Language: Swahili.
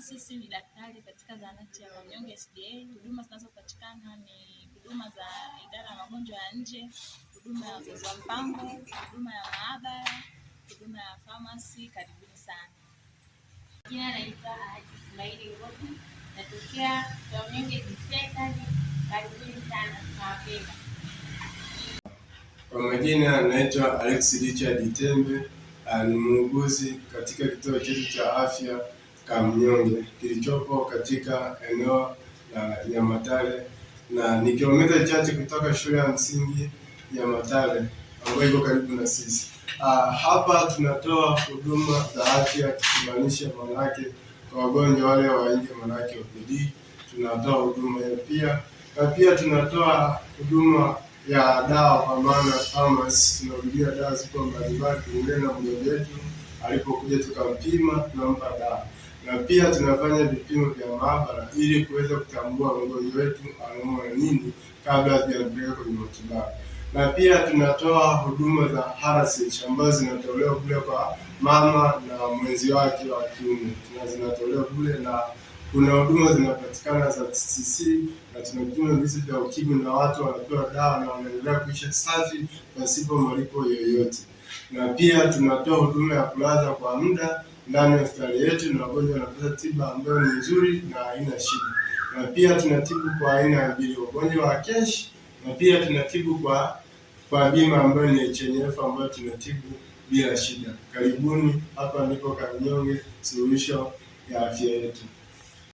Sisi ni daktari katika zahanati ya Wanyonge SDA. Huduma zinazopatikana ni huduma za idara ya magonjwa ya nje, huduma ya uzazi wa mpango, huduma ya maabara, huduma ya famasi. Karibuni sana. Jina naitwa Haji Sumaili Ngopi, natokea Wanyonge Dispensary. Karibuni sana, tunawapenda. Kwa majina anaitwa Alex Richard Tembe, ni muuguzi katika kituo chetu cha afya Kamnyonge kilichopo katika eneo la Nyamatale na ni kilomita chache kutoka shule ya msingi Nyamatale ambayo iko karibu na sisi. Uh, hapa tunatoa huduma za afya kumaanisha manake kwa wagonjwa wale wa nje manake OPD tunatoa huduma ya pia na pia tunatoa huduma ya dawa kwa maana pharmacy, tunaulia dawa ziko mbalimbali kulingana na mgonjwa wetu alipokuja, tukampima tunampa dawa na pia tunafanya vipimo vya maabara ili kuweza kutambua mgonjwa wetu anaumwa na nini kabla hatujampeleka kwenye matibabu, na pia tunatoa huduma za RCH ambazo zinatolewa kule kwa mama na mwenzi wake wa kiume, na zinatolewa kule na kuna huduma zinapatikana za TTC na tuna vipimo vya ukimwi na watu wanapewa dawa na wanaendelea kuisha safi pasipo malipo yoyote, na pia tunatoa huduma ya kulaza kwa muda ndani ya hospitali yetu, na wagonjwa wanapata tiba ambayo ni nzuri na haina shida, na pia tunatibu kwa aina ya mbili, wagonjwa wa cash, na pia tunatibu kwa kwa bima ambayo ni HNF ambayo tunatibu bila shida. Karibuni, hapa ndipo Kanyonge, suluhisho ya afya yetu.